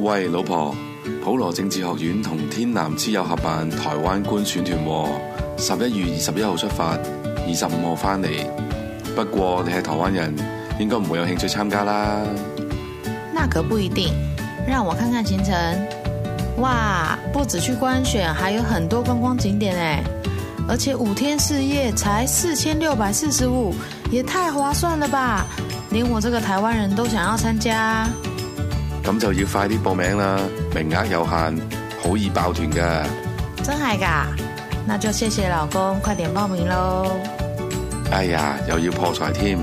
喂，老婆，普羅政治學院同天南之友合辦台灣觀選團喎，十一月二十一號出發，二十五號翻嚟。不過你係台灣人，應該唔會有興趣參加啦。那可不一定，讓我看看行程。哇，不止去觀選，還有很多觀光景點誒！而且五天四夜才四千六百四十五，也太劃算了吧！連我這個台灣人都想要參加。咁就要快啲報名啦，名額有限，好易爆團㗎。真係噶，那就謝謝老公，快點報名咯。哎呀，又要破財添。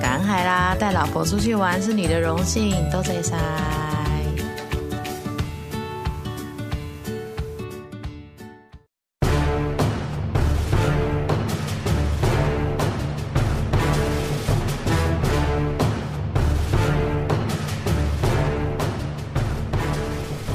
梗係啦，帶老婆出去玩是你的榮幸，多謝晒。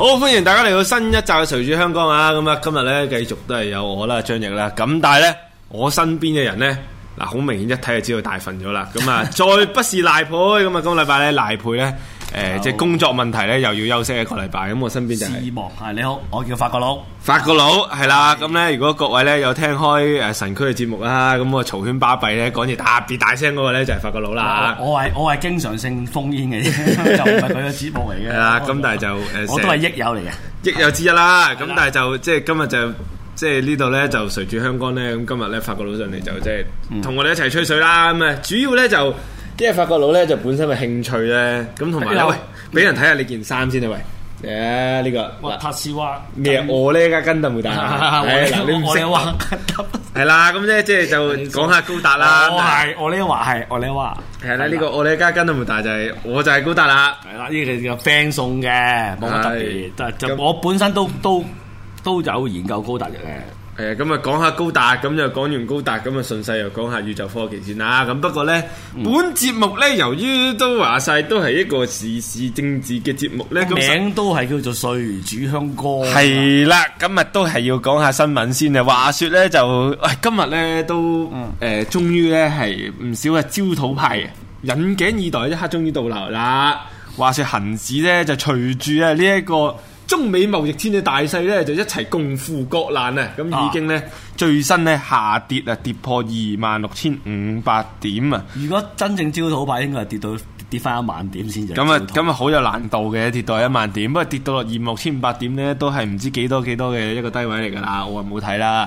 好，歡迎大家嚟到新一集嘅誰主香江啊！咁啊，今日咧繼續都係有我啦，張翼啦，咁但係咧我身邊嘅人咧，嗱，好明顯一睇就知道大份咗啦，咁啊 再不是賴培。咁啊今個禮拜咧賴培咧。誒，即係工作問題咧，又要休息一個禮拜。咁我身邊就係，係你好，我叫法國佬。法國佬係啦，咁咧，如果各位咧有聽開誒神區嘅節目啦，咁我嘈喧巴閉咧，講嘢特別大聲嗰個咧就係法國佬啦。我係我係經常性封煙嘅，就唔係佢嘅節目嚟嘅。係啦，咁但係就誒，我都係益友嚟嘅，益友之一啦。咁但係就即係今日就即係呢度咧就隨住香港咧，咁今日咧法國佬上嚟就即係同我哋一齊吹水啦。咁啊，主要咧就。即係法國佬咧，就本身嘅興趣咧，咁同埋咧，喂，俾人睇下你件衫先啊，喂，誒，呢個，哇，塔斯瓦，咩啊？我咧家跟斗冇大，係啦，你唔識話，係啦，咁咧即係就講下高達啦，我係我呢個話係我呢個話，係啦，呢個我呢家跟斗冇大就係，我就係高達啦，係啦，呢個係 friend 送嘅，冇乜特別，但係就我本身都都都有研究高達嘅。誒，咁啊講下高達，咁就講完高達，咁啊順勢又講下宇宙科技先啦。咁不過呢，嗯、本節目呢，由於都話晒，都係一個時事政治嘅節目呢咧，嗯、實名都係叫做誰主香江。係、嗯、啦，今日都係要講下新聞先啊。話說咧就，誒、哎、今日呢，都誒、呃、終於咧係唔少嘅焦土派引頸以待一刻終於到嚟啦。話說恒指呢，就隨住啊呢一、這個。這個中美貿易戰嘅大勢呢，就一齊共赴國難啊！咁已經呢，啊、最新呢下跌啊，跌破二萬六千五百點啊！如果真正朝早擺，應該係跌到。跌翻一萬點先咁啊！咁啊，好有難度嘅跌到一萬點，嗯、不過跌到落二萬六千五百點咧，都係唔知幾多幾多嘅一個低位嚟㗎啦。嗯、我冇睇啦。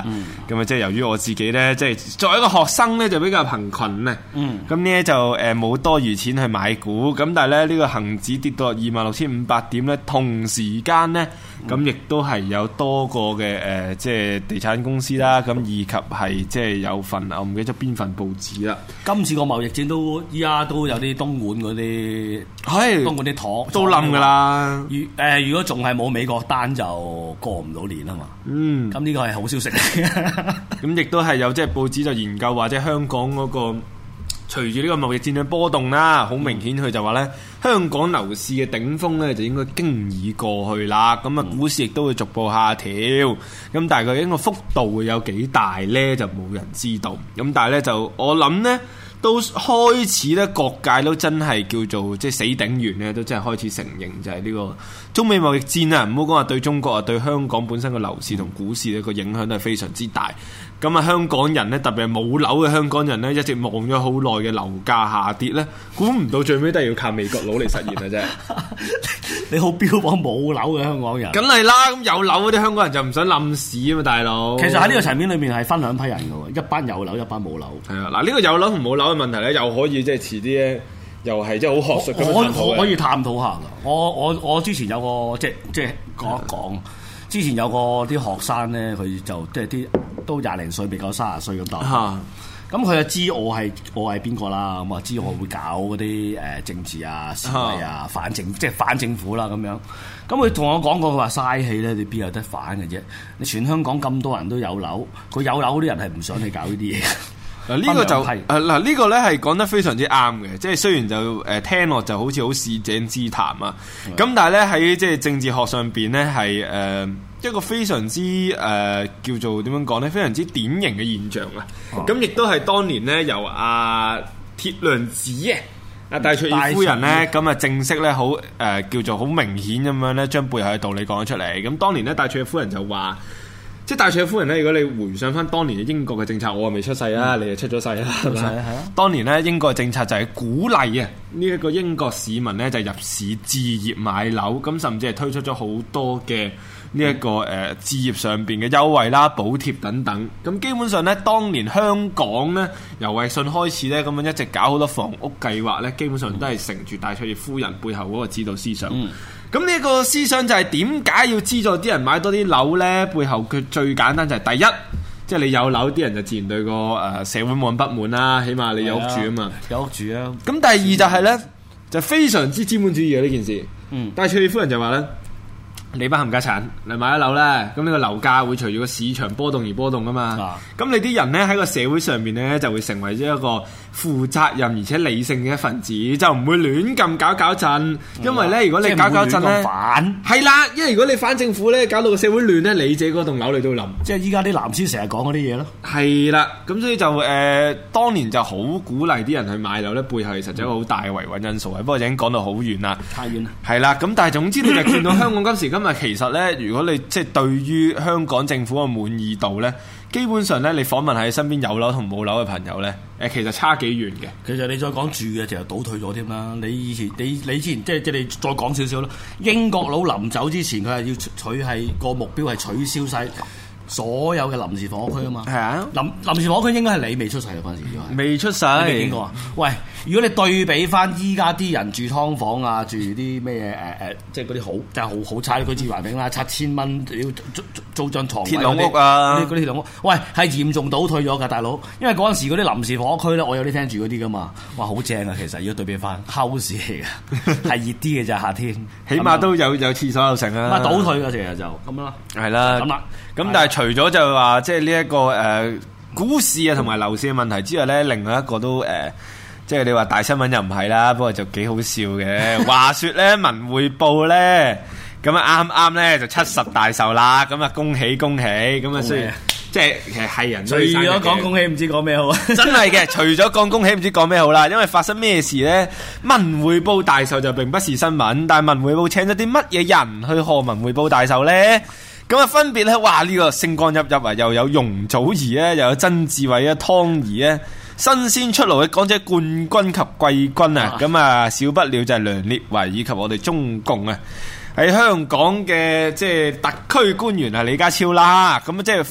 咁啊、嗯，即係由於我自己咧，即係作為一個學生咧，就比較貧困啊。咁呢、嗯、就誒冇、呃、多餘錢去買股，咁但係咧呢、呢個恒指跌到落二萬六千五百點咧，同時間咧。咁亦都係有多個嘅誒，即係地產公司啦，咁、嗯、以及係即係有份，我唔記得邊份報紙啦。今次個貿易戰都依家都有啲東莞嗰啲，係東莞啲糖是都冧噶啦。如誒，如果仲係冇美國單，就過唔到年啊嘛。嗯，咁呢個係好消息。咁亦都係有即係報紙就研究或者香港嗰個。隨住呢個貿易戰嘅波動啦，好明顯佢就話呢香港樓市嘅頂峰呢，就應該經已過去啦。咁啊，股市亦都會逐步下調。咁但係佢應該幅度會有幾大呢，就冇人知道。咁但係呢，就我諗呢，都開始呢各界都真係叫做即係死頂完呢，都真係開始承認就係呢個中美貿易戰啊。唔好講話對中國啊，對香港本身嘅樓市同股市呢個影響都係非常之大。咁啊，香港人咧，特別係冇樓嘅香港人咧，一直望咗好耐嘅樓價下跌咧，估唔到最尾都係要靠美國佬嚟實現啊！啫， 你好標榜冇樓嘅香港人，梗係啦。咁有樓嗰啲香港人就唔想冧市啊嘛，大佬。其實喺呢個層面裏面係分兩批人嘅喎，一班有樓，一班冇樓。係啊，嗱、這、呢個有樓同冇樓嘅問題咧，又可以即係遲啲咧，又係即係好學術咁樣嘅。可可以探討下噶。我我我之前有個即即講一講，的之前有個啲學生咧，佢就即係啲。都廿零歲，未夠卅歲咁多。咁佢、啊、就知我係我係邊個啦。咁啊，知我會搞嗰啲誒政治啊、示威啊、啊反政即係反政府啦、啊、咁樣。咁佢同我講過，佢話嘥氣咧，你邊有得反嘅啫？你全香港咁多人都有樓，佢有樓嗰啲人係唔想去搞呢啲嘢。嗯 啊！呢個就誒嗱，呢個咧係講得非常之啱嘅，即係雖然就誒聽落就好似好市井之談啊，咁但係咧喺即係政治學上邊咧係誒一個非常之誒叫做點樣講咧，非常之典型嘅現象啊！咁亦都係當年咧由阿鐵娘子啊，阿戴卓爾夫人咧咁啊正式咧好誒叫做好明顯咁樣咧，將背後嘅道理講咗出嚟。咁當年咧戴卓爾夫人就話。即係戴卓爾夫人咧，如果你回想翻當年嘅英國嘅政策，我又未出世啦，嗯、你又出咗世啦，係咪、嗯？吧當年咧，英國嘅政策就係鼓勵啊，呢一個英國市民咧就入市置業買樓，咁甚至係推出咗好多嘅呢一個誒、嗯呃、置業上邊嘅優惠啦、補貼等等。咁基本上咧，當年香港咧由衛信開始咧，咁樣一直搞好多房屋計劃咧，基本上都係承住戴卓爾夫人背後嗰個指導思想。嗯嗯咁呢個思想就係點解要資助啲人買多啲樓呢？背後佢最簡單就係第一，即係你有樓，啲人就自然對個誒社會冇咁不滿啦、啊。起碼你有屋住啊嘛，有屋住啊。咁、啊、第二就係呢，就是、非常之資本主義嘅呢件事。嗯，但係戴卓爾夫人就話呢，你班冚家產你買一樓呢，咁呢個樓價會隨住個市場波動而波動噶嘛。咁、啊、你啲人呢，喺個社會上面呢，就會成為咗一個負責任而且理性嘅一份子，就唔會亂咁搞搞震。因為呢，如果你搞搞震反。係啦，因為如果你反呢政府呢，搞到個社會亂呢，你自己嗰棟樓你都諗，即係依家啲藍絲成日講嗰啲嘢咯。係啦、嗯，咁、嗯、所以就誒、呃，當年就好鼓勵啲人去買樓呢，背後其實就好大嘅維穩因素啊。不過已經講到好遠啦，太遠啦。係啦，咁但係總之你就見到香港今時今日咳咳其實呢，如果你即係、就是、對於香港政府嘅滿意度呢。基本上咧，你訪問喺身邊有樓同冇樓嘅朋友咧，誒，其實差幾遠嘅。其實你再講住嘅，就倒退咗添啦。你以前，你你之前，即係即係你再講少少啦。英國佬臨走之前，佢係要取係個目標係取消晒所有嘅臨時房屋區啊嘛。係啊，臨臨時房屋區應該係你未出世嗰陣時，未出世。邊個啊？喂。如果你對比翻依家啲人住劏房啊，住啲咩嘢？誒誒，即係嗰啲好，即係好好差咯。居住環境啦，七千蚊，屌租租租張牀位嘅嗰啲鐵籠屋啊，喂，係嚴重倒退咗噶，大佬。因為嗰陣時嗰啲臨時房區咧，我有啲聽住嗰啲噶嘛，哇，好正啊！其實如果對比翻，house 係啊，係熱啲嘅就係，夏天起碼都有有廁所有成啊，倒退嘅成日就咁樣咯，係啦，咁啊，咁但係除咗就係話即係呢一個誒股市啊，同埋樓市嘅問題之外咧，另外一個都誒。即係你話大新聞又唔係啦，不過就幾好笑嘅。 話說咧，文匯報咧，咁啊啱啱咧就七十大壽啦，咁啊恭喜恭喜，咁啊雖然，即係其係人都除咗講恭喜，唔知講咩好啊？真係嘅，除咗講恭喜，唔知講咩好啦。 因為發生咩事咧？文匯報大壽就並不是新聞，但係文匯報請咗啲乜嘢人去賀文匯報大壽咧？咁啊分別咧，哇呢、這個星光熠熠啊，又有容祖兒咧，又有曾志偉啊，湯怡咧。新鮮出爐嘅港姐冠軍及季軍啊，咁啊，少不了就係梁烈唯以及我哋中共啊，喺香港嘅即係特區官員係李家超啦，咁啊即係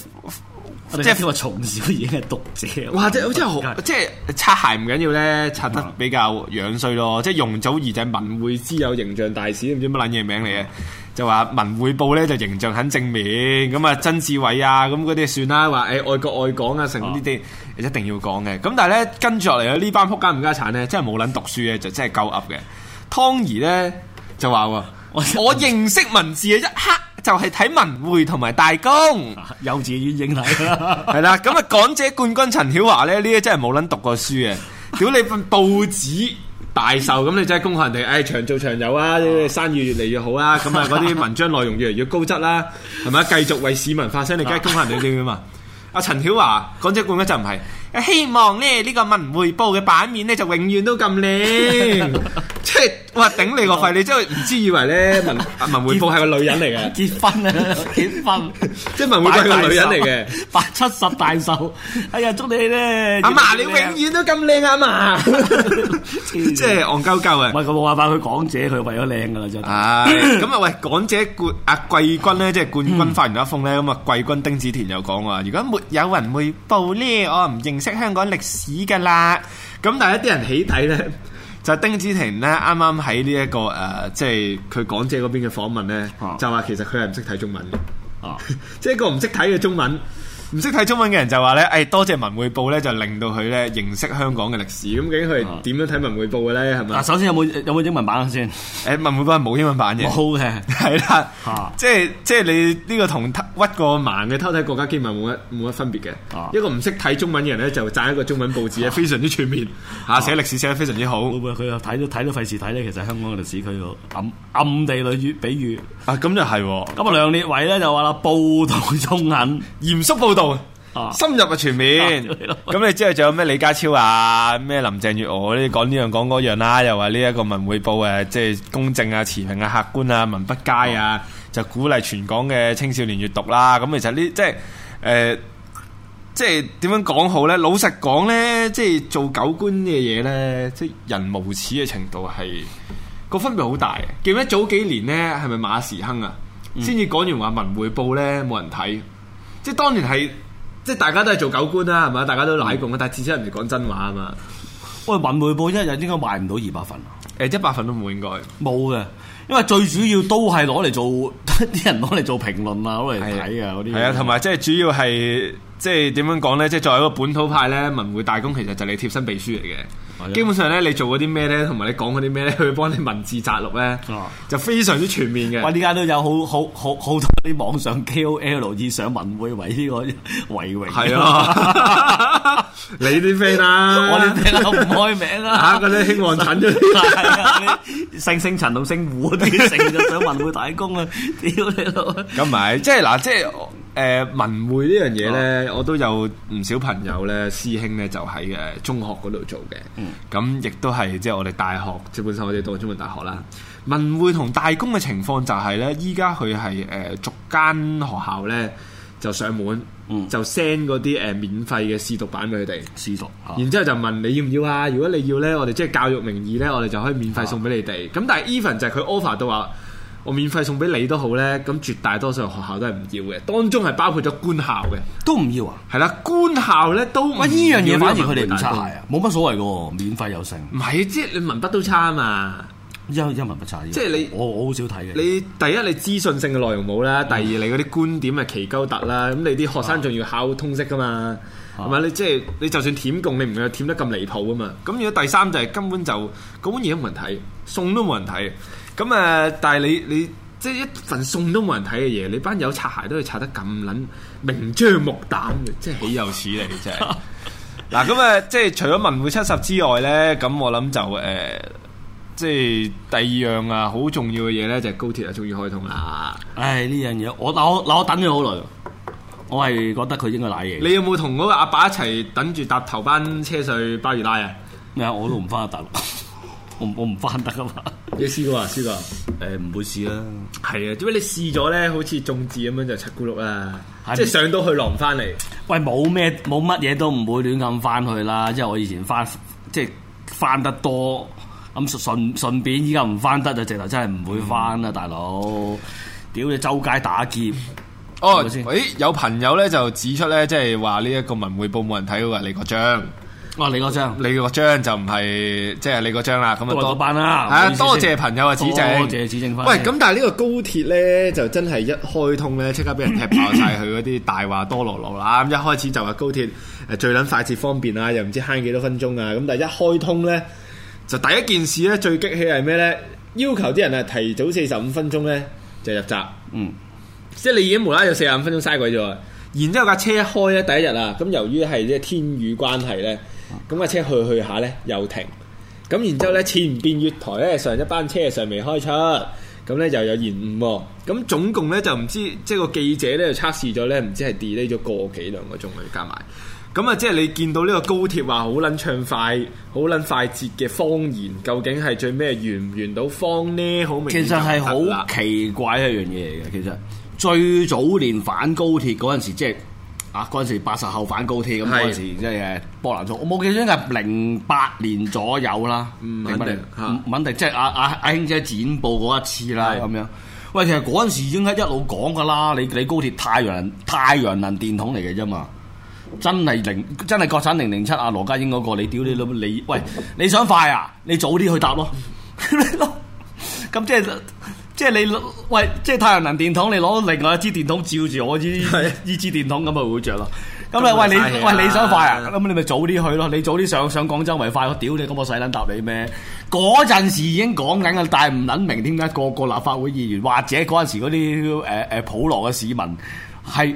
即係佢話從小已經係讀者，哇！真真係好，即係擦即鞋唔緊要咧，擦得比較樣衰咯，嗯、即係容祖兒就係文匯之友形象大使，唔知乜撚嘢名嚟嘅。就話文匯報咧就形象很正面，咁啊曾志偉啊咁嗰啲算啦，話誒愛國愛港啊，成嗰啲一定要講嘅。咁但係咧跟住落嚟咧呢班撲街唔家產咧，真係冇撚讀書嘅就真係夠噏嘅。湯怡咧就話我、哦、我認識文字嘅一刻就係睇文匯同埋大公幼稚園英體啦，係啦。 咁啊港姐冠軍陳曉華咧呢啲真係冇撚讀過書嘅，屌你份報紙！大壽，咁你真係恭賀人哋，誒、哎、長做長有啊，生意越嚟越好啊，咁啊嗰啲文章內容越嚟越高質啦，係咪？ 繼續為市民發聲，你梗係恭賀人哋點樣啊？阿陳曉華講只冠軍就唔係，希望咧呢、呢個文匯報嘅版面咧就永遠都咁靚。 哇頂你個肺！你真係唔知以為咧文文匯報係個女人嚟嘅，結婚啊，結婚！即係文匯報係個女人嚟嘅，八七十大壽，哎呀，祝你咧，阿嫲你永遠都咁靚啊，媽！即係戇鳩鳩啊！喂，佢冇辦法，佢港姐佢為咗靚噶啦，真係咁啊！喂，港姐冠阿季軍咧，即係冠軍發完咗一封咧，咁啊，季軍丁子田又講話：如果沒有人匯報咧，我唔認識香港歷史噶啦。咁但係一啲人起底咧。就丁子婷咧，啱啱喺呢一個誒，即係佢港姐嗰邊嘅訪問咧，就話其實佢係唔識睇中文嘅，即係一個唔識睇嘅中文。唔識睇中文嘅人就話咧，誒、哎、多謝文匯報咧，就令到佢咧認識香港嘅歷史。咁究竟佢點樣睇文匯報嘅咧？係嘛？嗱，首先有冇有冇英文版先？誒、欸，文匯報係冇英文版嘅。好嘅，係啦的、啊，即係即係你呢個同屈過盲嘅偷睇國家機密冇乜冇乜分別嘅。啊、一個唔識睇中文嘅人咧，就讚一個中文報紙咧，啊、非常之全面吓，寫、啊、歷、啊、史寫得非常之好。佢佢睇都睇都費事睇咧，其實香港嘅歷史佢個暗地裏邊，比喻。啊，咁就係、是、咁啊，啊。梁烈偉咧就話啦，報道中文嚴肅報。深入嘅全面，咁、啊、你之後仲有咩李家超啊，咩林鄭月娥呢？講呢樣講嗰樣啦、啊，又話呢一個文匯報誒，即、啊、係、就是、公正啊、持平啊、客觀啊、文筆佳啊，啊就鼓勵全港嘅青少年閱讀啦、啊。咁其實呢，即係誒，即係點樣講好呢？老實講呢，即、就、係、是、做狗官嘅嘢呢，即、就、係、是、人無恥嘅程度係個分別好大。嗯、記，唔記得早幾年呢？係咪馬時亨啊，先至講完話文匯報呢，冇人睇。即係當然係，即係大家都係做狗官啦，係咪？大家都奶共啊，是是共嗯、但係至少人哋講真話啊嘛。是是喂，文匯報，一日應該賣唔到二百份、啊？誒、呃，一百份都唔應該冇嘅，因為最主要都係攞嚟做啲、嗯、 人攞嚟做評論啊，攞嚟睇嘅啲。係是啊，啊，同埋即係主要係即係點樣講咧？即、就、係、是、作為一個本土派咧，文匯大公其實就係你貼身秘書嚟嘅。基本上咧，你做嗰啲咩咧，同埋你講嗰啲咩咧，去幫你文字摘錄咧，哦、就非常之全面嘅。哇！依家都有好好好好多啲網上 K O L 以上文匯為呢個為榮、啊。係啊，你啲 friend 啊，我啲聽唔開名啦，吓嗰啲興旺陳啊，星姓陳同姓胡啲成日想文匯打工啊，屌你老！咁咪即係嗱，即係。即誒、呃、文匯呢樣嘢呢，oh. 我都有唔少朋友呢，師兄呢，就喺誒中學嗰度做嘅。咁亦都係即係我哋大學，即本身我哋讀中文大學啦。文匯同大公嘅情況就係呢，依家佢係誒逐間學校呢，就上門，mm. 就 send 嗰啲誒免費嘅試讀版俾佢哋試讀，然之後就問你要唔要啊？如果你要呢，我哋即係教育名義呢，我哋就可以免費送俾你哋。咁、oh. 但係 even 就係佢 offer 到話。我免費送俾你都好咧，咁絕大多數學校都係唔要嘅，當中係包括咗官校嘅，都唔要啊。係啦，官校咧都乜依樣嘢反而佢哋唔差啊，冇乜所謂嘅，免費有成，唔係，即係你文筆都差啊嘛，因因文筆差，即係你我我好少睇嘅。你第一你資訊性嘅內容冇啦，第二你嗰啲觀點係奇鳩突啦，咁你啲學生仲要考通識噶嘛，係咪？你即係你就算舔共，你唔會舔得咁離譜啊嘛。咁如果第三就係根本就嗰本嘢冇人睇，送都冇人睇。咁誒、嗯，但係你你即係一份餸都冇人睇嘅嘢，你班友擦鞋都要擦得咁撚明張目膽嘅，即係豈有此理啫！嗱、 嗯，咁、嗯、誒，即係除咗文匯七十之外咧，咁、嗯、我諗就誒、呃，即係第二樣啊，好重要嘅嘢咧，就係高鐵啊，終於開通啦、啊！唉，呢樣嘢我我嗱我等咗好耐，我係覺得佢應該瀨嘢。你有冇同嗰個阿爸，爸一齊等住搭頭班車去巴爾拉啊？咩啊？我都唔翻去大陸 我我唔翻得啊嘛，你，你試過啊？試過？誒、呃，唔會試啦、嗯。係啊，點解你試咗咧？好似眾志咁樣就七咕碌啦，嗎即係上到去落唔翻嚟。喂，冇咩冇乜嘢都唔會亂咁翻去啦。即係我以前翻，即係翻得多，咁順順便依家唔翻得就直頭真係唔會翻啦，嗯、大佬。屌你周街打劫。哦，喂看，有朋友咧就指出咧，即係話呢一個文匯報冇人睇到話，李國章。我你嗰張，你嗰張、啊、就唔係即係你嗰張啦。咁啊多班啦，啊多謝朋友啊，子正。多謝子正。翻。喂，咁但係呢個高鐵咧，就真係一開通咧，即刻俾人踢爆晒佢嗰啲大話多落落啦。咁一開始就話高鐵誒最撚快捷方便啊，又唔知慳幾多分鐘啊。咁但係一開通咧，就第一件事咧最激氣係咩咧？要求啲人啊提早四十五分鐘咧就入閘，嗯，即係你已經無啦啦就四十五分鐘嘥鬼咗。然之後架車一開咧第一日啊，咁由於係即係天雨關係咧。咁架車去去下呢，又停，咁然之後呢前邊月台呢上一班車尚未開出，咁呢，又有延誤，咁總共呢，就唔知即係個記者呢，就測試咗呢，唔知係 delay 咗個幾兩個鐘去加埋，咁啊即係你見到呢個高鐵話好撚暢快、好撚快捷嘅謊言，究竟係最咩圓唔圓到謊呢？好明。其實係好奇怪一樣嘢嚟嘅，其實最早年反高鐵嗰陣時，即係。嗰陣、啊、時八十後反高鐵咁，嗰陣的時即係波蘭組，我冇記錯應該係零八年左右啦。唔肯定，唔肯定，啊、即係阿阿阿兄姐剪報過一次啦，咁，的樣。喂，其實嗰陣時已經係一路講噶啦。你你高鐵太陽能太陽能電筒嚟嘅啫嘛，真係零真係國產零零七啊！羅家英嗰、那個，你屌你老母你，喂，你想快啊？你早啲去搭咯，咁即係。即係你喂，即係太陽能電筒，你攞另外一支電筒照住我支，依的支電筒咁咪會着咯。咁啊，你喂你喂你想快啊，咁你咪早啲去咯。你早啲上上廣州咪快？我屌你，咁我使捻答你咩？嗰陣時已經講緊噶，但係唔捻明點解個個立法會議員或者嗰陣時嗰啲誒誒普羅嘅市民係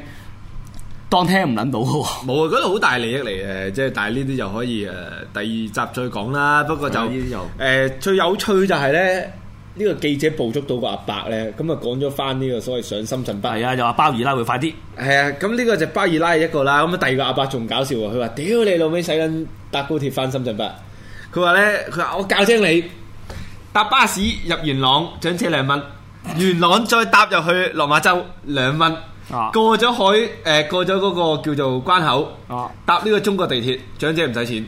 當聽唔捻到嘅。冇啊，嗰度好大利益嚟誒，即係但係呢啲就可以誒第二集再講啦。不過就誒的最有趣就係、是、咧。呢個記者捕捉到個阿伯呢，咁啊講咗返呢個所謂上深圳北，係啊，又話包二奶會快啲，係啊。咁呢個就包二奶係一個啦。咁第二個阿伯仲搞笑喎，佢話：屌你老味，使緊搭高鐵返深圳北。佢話呢，佢話我教精你搭巴士入元朗，長者兩蚊，元朗再搭入去落馬洲兩蚊。啊過、呃，過咗海誒，過咗嗰個叫做關口，搭呢個中國地鐵，長者唔使錢。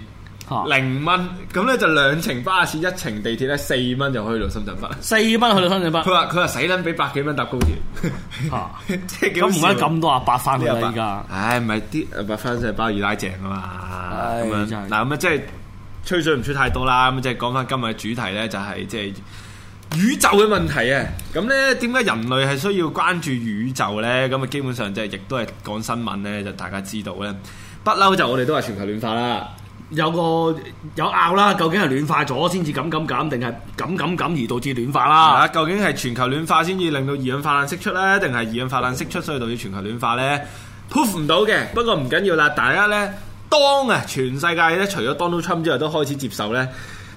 零蚊咁咧就兩程巴士一程地鐵咧，四蚊就可以到深圳北，四蚊去到深圳北。佢話佢話死捻俾百、啊、 幾蚊搭高鐵，咁唔搵咁多阿伯翻去啦而家。唉、哎，唔係啲阿伯翻去包二奶正啊嘛。咁、哎、樣嗱咁啊，即係吹水唔吹太多啦。咁即係講翻今日嘅主題咧、就是，就係即係宇宙嘅問題啊。咁咧、嗯，點解人類係需要關注宇宙咧？咁啊，基本上即係亦都係講新聞咧，就大家知道咧。不嬲就我哋都係全球暖化啦。有個有拗啦，究竟係暖化咗先至咁咁咁，定係咁咁咁而導致暖化啦？啊、究竟係全球暖化先至令到二氧化碳釋出呢？定係二氧化碳釋出所以導致全球暖化呢？p r 唔到嘅，不過唔緊要啦，大家呢，當啊，全世界咧除咗 Donald Trump 之外，都開始接受呢。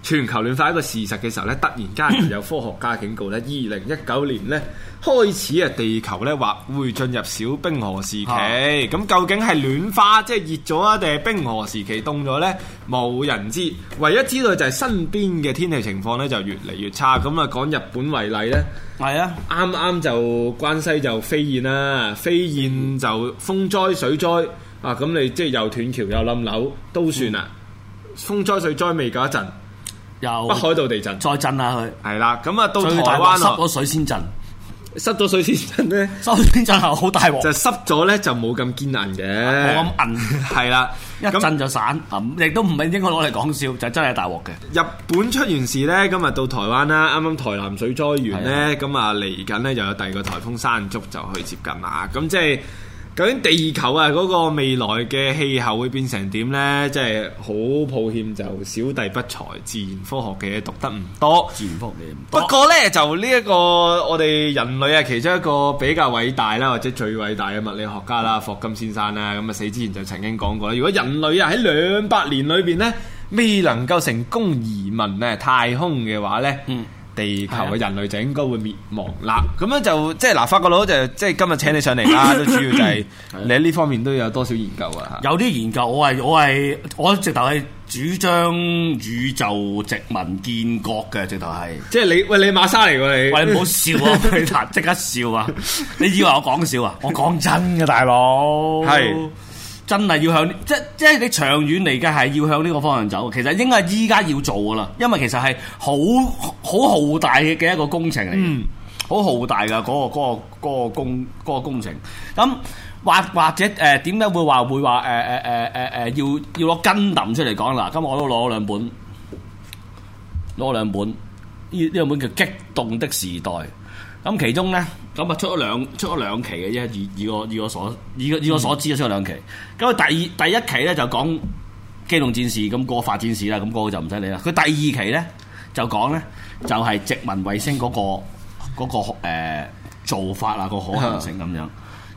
全球暖化一個事實嘅時候呢，突然間又有科學家警告呢，二零一九年呢開始啊，地球呢話會進入小冰河時期。咁、啊、究竟係暖化即係熱咗啊，定、就、係、是、冰河時期凍咗呢？冇人知，唯一知道就係身邊嘅天氣情況呢就越嚟越差。咁啊，講日本為例呢？係啊，啱啱就關西就飛燕啦，飛燕就風災水災、嗯、啊！咁你即係又斷橋又冧樓都算啦，嗯、風災水災未夠一陣。北又海道地震再震下去，係啦，咁、嗯、啊、嗯、到台灣濕咗水先震，濕咗水先震咧，濕先震好大鑊，就濕咗咧就冇咁堅硬嘅，冇咁硬係啦， 的 一震就散啊，亦那都唔係應該攞嚟講笑，就是、真係大鑊嘅。日本出完事咧，今日到台灣啦，啱啱台南水災完咧，咁啊嚟緊咧又有第二個颱風山竹就去接近啦，咁即係。究竟地球啊嗰個未來嘅氣候會變成點呢？真係好抱歉，就小弟不才，自然科學嘅嘢讀得唔多。自然方面，不過呢，就呢一個我哋人類啊，其中一個比較偉大啦，或者最偉大嘅物理學家啦，霍金先生啦，咁啊死之前就曾經講過啦。如果人類啊喺兩百年裏邊呢，未能夠成功移民咧太空嘅話呢。嗯。地球嘅人類就應該會滅亡啦，咁樣就即係嗱，法國佬就即係今日請你上嚟啦，都主要就係你喺呢方面都有多少研究啊？ 嗯、有啲研究我，我係我係我直頭係主張宇宙殖民建國嘅，直頭係。即係你喂，你馬沙嚟喎你， 喂你唔好笑啊！你即刻笑啊！ 你以為我講笑啊？我講真嘅、啊，大佬係是真係要向即即係你長遠嚟嘅係要向呢個方向走，其實應該依家要做噶啦，因為其實係好。好浩大嘅一個工程嚟，嗯，好浩大噶嗰、嗰個、嗰個、嗰個工、嗰個工程。咁或或者誒，點、呃、解會話會話誒誒誒誒誒要要攞 Gundam 出嚟講嗱？今日我都攞兩本，攞兩本，呢呢兩本叫《激動的時代》。咁其中咧，咁啊出咗兩出咗兩期嘅，啫，家以我以我所以以我所知啊，出咗兩期。咁佢、嗯、第二第一期咧就講機動戰士咁過化戰士啦，咁、嗰、嗰個就唔使理啦。佢第二期咧就講咧。就係殖民衛星嗰、嗰個嗰、嗰個呃、做法啊，個可行性咁樣。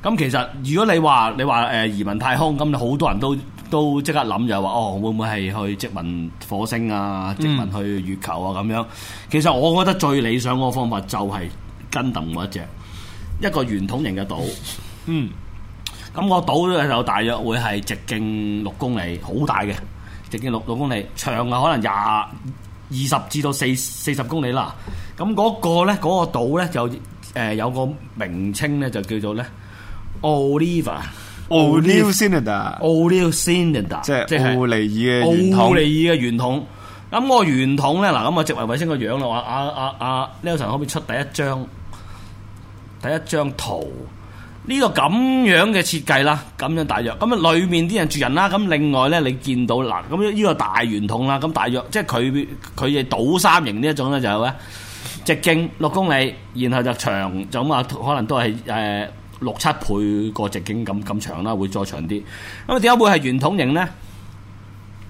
咁 其實如果你話你話誒移民太空，咁好多人都都即刻諗就係、係、話哦，會唔會係去殖民火星啊？殖民去月球啊咁樣。其實我覺得最理想嗰個方法就係 Gundam 我一隻一個圓筒形嘅島。嗯。咁、嗰個島咧就大約會係直徑六公里，好大嘅，直徑六六公里，長啊可能廿，二十至到四四十公里啦，咁、那、嗰個咧，嗰、那個島咧就誒有個名稱咧就叫做咧 Oliva，Oliva a o l i v a 即係即係奧利爾嘅圓筒，奧利爾嘅圓筒。咁個圓筒咧，嗱咁啊，直物衛星個樣啦，阿啊啊 Nelson 可唔可以出第一張第一張圖？呢個咁樣嘅設計啦，咁樣大約咁啊，裏面啲人住人啦。咁另外咧，你見到嗱，咁呢個大圓筒啦，咁大約即係佢佢嘅倒三型呢一種咧，就係咧直徑六公里，然後就長就咁啊，可能都係誒六七倍個直徑咁咁長啦，會再長啲。咁點解會係圓筒型咧？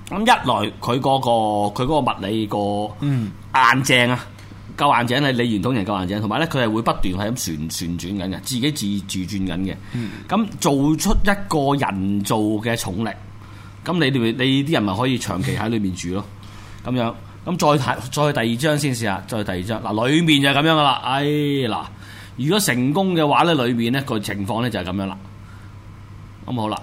咁一來佢嗰個佢嗰個物理個硬淨啊！夠硬淨咧，李元彤人夠硬淨，同埋咧佢係會不斷係咁旋旋轉緊嘅，自己自自，自轉緊嘅。咁、嗯、做出一個人造嘅重力，咁你哋你啲人咪可以長期喺裏面住咯。咁 樣，咁再睇再第二張先試下，再第二張嗱裏面就係咁樣啦。唉嗱，如果成功嘅話咧，裏面咧個情況咧就係咁樣啦。咁好啦。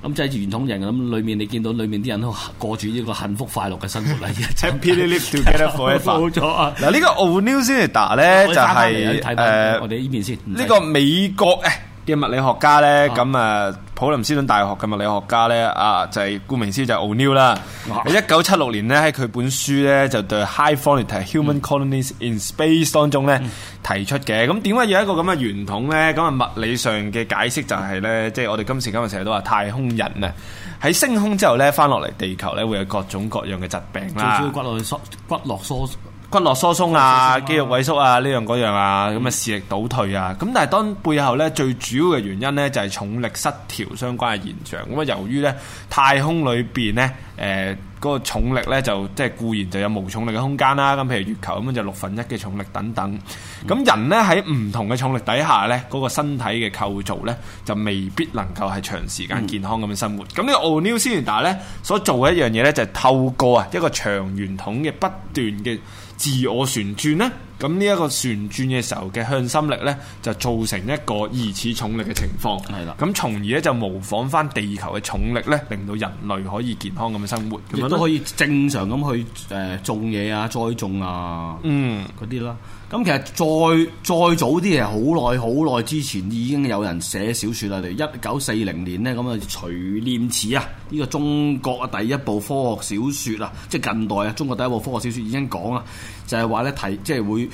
咁即係傳統人咁，裏面你見到裏面啲人都過住呢個幸福快樂嘅生活啦。即係冇錯啊！嗱， 呢 個 All New Scientist 咧 就係、睇睇、誒， 我哋呢邊先。呢個美國嘅、哎、物理學家咧，咁啊。 呃普林斯頓大學嘅物理學家咧，啊，就係顧名思就係 O’Neill 啦。一九七六年咧，喺佢本書咧就對《The High Frontier: Human Colonies in Space》當中咧提出嘅。咁點解要有一個咁嘅圓筒咧？咁啊物理上嘅解釋就係、是、咧，即、就、係、是、我哋今時今日成日都話太空人啊，喺升空之後咧翻落嚟地球咧會有各種各樣嘅疾病啦。最骨落疏，骨落疏。骨骼疏鬆啊，肌肉萎縮啊，呢樣嗰樣啊，咁啊視力倒退啊，咁、嗯、但係當背後呢，最主要嘅原因呢，就係、是、重力失調相關嘅現象。咁啊，由於呢太空裏邊呢，誒、呃、嗰、那個重力呢，就即係固然就有無重力嘅空間啦。咁譬如月球咁樣就六分一嘅重力等等。咁、嗯嗯、人呢，喺唔同嘅重力底下呢，嗰、那個身體嘅構造呢，就未必能夠係長時間健康咁樣生活。咁呢、嗯嗯、個 O'Neill 呢，所做嘅一樣嘢呢，就係、是、透過啊一個長圓筒嘅不斷嘅。自我旋轉呢、啊？咁呢一個旋轉嘅時候嘅向心力呢，就造成一個疑似重力嘅情況。係啦的，咁從而咧就模仿翻地球嘅重力呢，令到人類可以健康咁嘅生活，其實都可以正常咁去誒、呃、種嘢啊、栽種啊、嗯嗰啲啦。咁其實再再早啲嘅好耐好耐之前已經有人寫小説啦。例如一九四零年呢，咁啊徐念慈啊，呢、這個中國啊第一部科學小説啊，即係近代啊中國第一部科學小説已經講啊，就係、是、話呢。提即係會。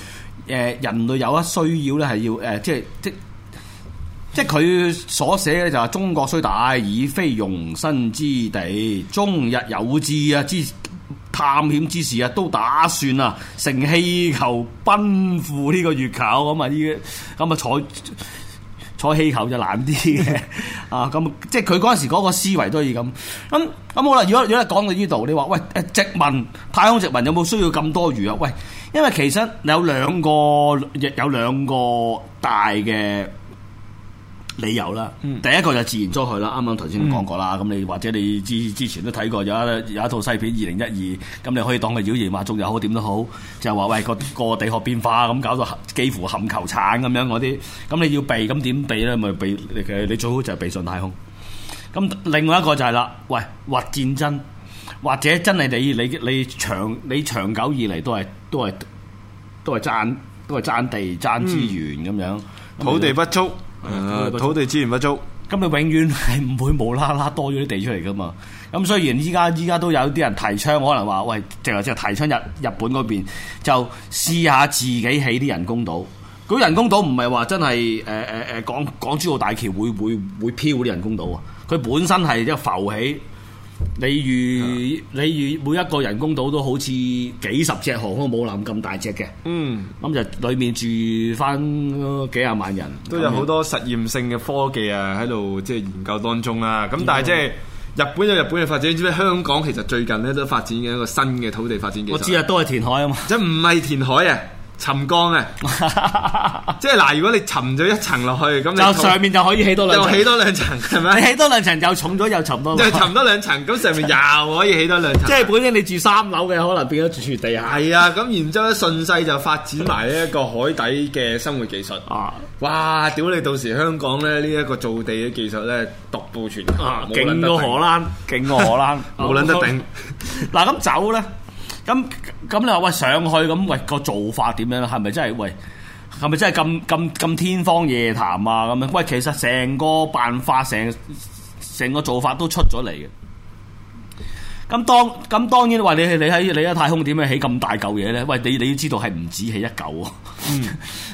誒，人類有一需要咧？係要誒，即係即即佢所寫嘅就話、是、中國雖大，已非容身之地。終日有志啊，之探險之事啊，都打算啊，乘氣球奔赴呢個月球咁、嗯、 啊！呢咁啊，坐坐氣球就難啲嘅啊！咁即係佢嗰陣時嗰個思維都係咁咁咁好啦。如果如果講到呢度，你話喂，殖民太空殖民有冇需要咁多餘啊？喂！因為其實有兩個有兩個大嘅理由啦。嗯、第一個就自然災害啦，啱啱頭先都講過啦。咁、嗯、你或者你之之前都睇過有一有一套西片二零一二，咁你可以當佢妖言惑眾又好點都好，就係話喂，個個地殼變化咁搞到幾乎冚球鏟咁樣嗰啲。咁你要避咁點避咧？咪避你最好就係避上太空。咁另外一個就係、是、啦，喂或戰爭或者真係你你你，你長你長久以嚟都係。都係都係爭都係爭地爭資源咁樣，土地不足，土地資源不足，咁你永遠係唔會無啦啦多咗啲地出嚟噶嘛？咁雖然依家依家都有啲人提倡，可能話喂，淨係即係提倡日日本嗰邊就試下自己起啲人工島。嗰人工島唔係話真係誒誒誒，港港珠澳大橋會會會漂啲人工島啊？佢本身係一浮起。你如你如每一個人工島都好似幾十隻航空母艦咁大隻嘅，咁就、嗯、裡面住翻幾廿萬人，都有好多實驗性嘅科技啊，喺度即係研究當中啦。咁但係即係日本有日本嘅發展，知唔知香港其實最近咧都發展嘅一個新嘅土地發展技術？我知啊，都係填海啊嘛，即唔係填海啊。沉江啊！即係嗱，如果你沉咗一層落去，咁你上面就可以起多兩，又起多兩層，係咪？起多兩層又重咗，又沉多，又沉多兩層，咁上面又可以起多兩層。即係本身你住三樓嘅，可能變咗住地下。係啊，咁然之後咧順勢就發展埋呢一個海底嘅生活技術啊！哇，屌你到時香港咧呢一個造地嘅技術咧獨步全球，勁過荷蘭，勁過荷蘭，冇卵得頂。嗱咁走咧，咁。咁、嗯、你話喂上去咁喂個做法點樣咧？係咪真係喂？係咪真係咁咁咁天方夜譚啊？咁樣喂，其實成個辦法，成成個，個做法都出咗嚟嘅。咁當，咁當然話你係你喺你喺太空點樣起咁大嚿嘢呢？喂，你你要知道係唔止起一嚿，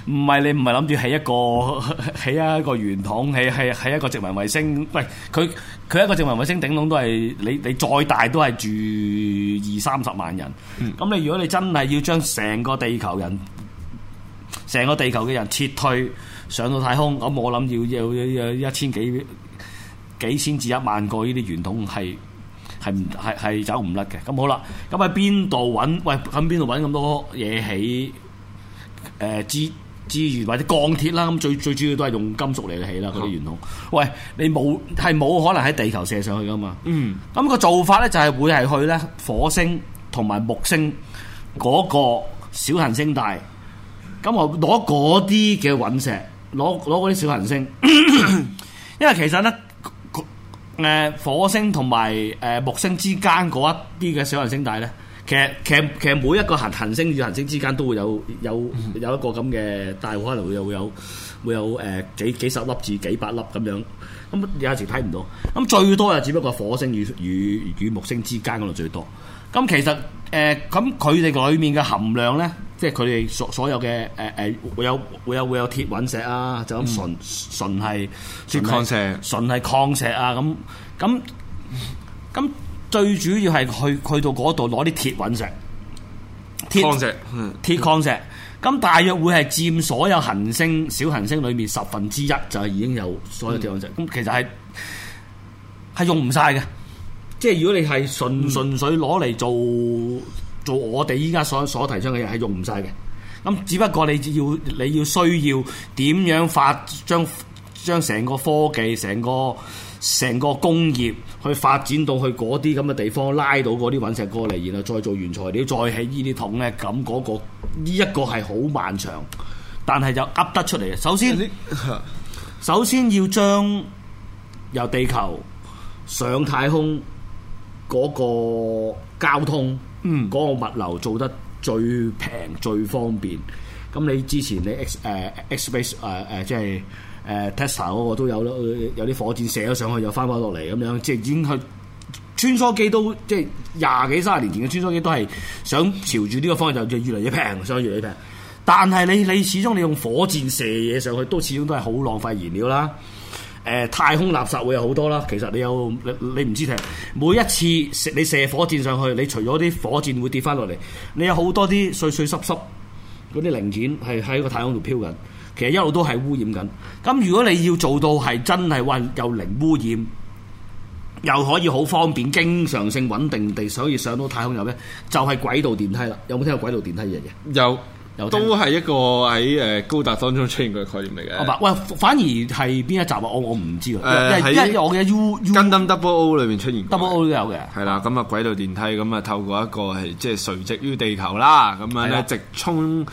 唔係你唔係諗住起一個起一個圓筒，起一個殖民衛星。喂，佢佢一個殖民衛星頂籠都係你你再大都係住二三十萬人。咁你 如果你真係要將成個地球人，成個地球嘅人撤退上到太空，咁我冇諗要，要，要，要一千幾幾千至一萬個呢啲圓筒係。係唔係係走唔甩嘅？咁好啦，咁喺邊度揾？喂，喺邊度揾咁多嘢起？誒、呃，資資源或者鋼鐵啦，咁最最主要都係用金屬嚟起啦。嗰啲圓筒，嗯、喂，你冇係冇可能喺地球射上去噶嘛？嗯，咁個做法咧就係、是、會係去咧火星同埋木星嗰個小行星帶，咁我攞嗰啲嘅隕石，攞攞嗰啲小行星， 因為其實咧。誒火星同埋誒木星之間嗰一啲嘅小行星帶咧，其實其實其實每一個行行星與行星之間都會有有有一個咁嘅帶，可能又會有會有誒幾幾十粒至幾百粒咁樣，咁有時睇唔到，咁最多就只不過火星與與與木星之間嗰度最多，咁其實誒咁佢哋裡面嘅含量咧。即係佢哋所所有嘅誒誒，會有會有會有鐵隕石啊！就咁純純係鐵礦石，純係礦石啊！咁咁咁最主要係去去到嗰度攞啲鐵隕石，鐵礦石，鐵礦石。咁大約會係佔所有行星小行星裏面十分之一，就係已經有所有鐵隕石。咁其實係係用唔晒嘅，即係如果你係純純粹攞嚟做。我哋依家所所提倡嘅嘢係用唔晒嘅，咁只不過，你要你要需要點樣發將將成個科技，成個成個工業去發展到去嗰啲咁嘅地方，拉到嗰啲隕石過嚟，然後再做原材料，再起呢啲桶咧，咁嗰個呢一個係好漫長，但係就噏得出嚟。首先， 首先要將由地球上太空嗰個交通。嗯，嗰個物流做得最平最方便。咁你之前你 X 誒 Xpace 誒誒即係誒 Tesla 嗰個都有咯，有啲火箭射咗上去又翻返落嚟咁樣，即係已經去穿梭機都即係廿幾卅年前嘅穿梭機都係想朝住呢個方向就越嚟越平，所以越嚟越平。但係你你始終你用火箭射嘢上去，都始終都係好浪費燃料啦。呃、太空垃圾會有好多啦，其實你有你你唔知嘅，每一次射你射火箭上去，你除咗啲火箭會跌翻落嚟，你有好多啲碎碎濕濕嗰啲零件係喺個太空度飄緊，其實一路都係污染緊。咁如果你要做到係真係話又零污染，又可以好方便、經常性穩定地所以上到太空有咩？就係、係、軌道電梯啦。有冇聽過軌道電梯嘅嘢？有。都係一個喺誒高達當中出現過嘅概念嚟嘅。唔係，喂，反而係邊一集啊？我我唔知喎。誒喺、呃、在 我嘅 U 跟燈 Double O 裏邊出現，Double O 都有嘅。係啦，咁啊，軌道電梯咁啊，透過一個係即係垂直於地球啦，咁啊，的直衝。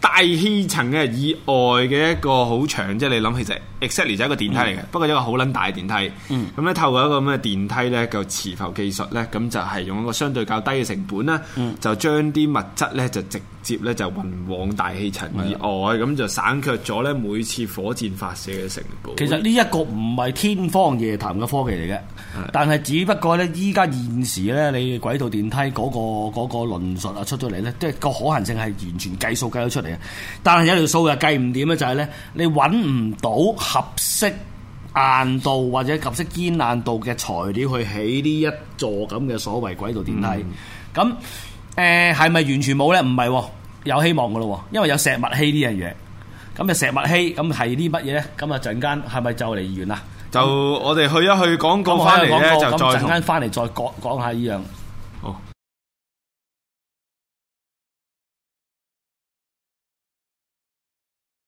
大氣層嘅以外嘅一個好長，即係你諗起就 excelli 就係一個電梯嚟嘅，嗯、不過一個好撚大嘅電梯。咁咧、嗯、透過一個咁嘅電梯咧，個磁浮技術咧，咁就係、是、用一個相對較低嘅成本咧，嗯、就將啲物質咧就直接咧就運往大氣層以外，咁、嗯、就省卻咗咧每次火箭發射嘅成本。其實呢一個唔係天方夜譚嘅科技嚟嘅，嗯、但係只不過咧依家現時咧你軌道電梯嗰、那個嗰、那個論述啊出咗嚟咧，即係個可行性係完全計數計得出嚟。但係有條數又計唔掂咧，就係咧你搵唔到合適硬度或者合適堅硬度嘅材料去起呢一座咁嘅所謂軌道電梯。咁誒，係咪完全冇咧？唔係，有希望噶咯。因為有石墨烯呢樣嘢。咁啊石墨烯，咁係啲乜嘢咧？咁啊陣間係咪就嚟完啦？就我哋去一去講講翻嚟咧，就陣間翻嚟再講講下呢樣。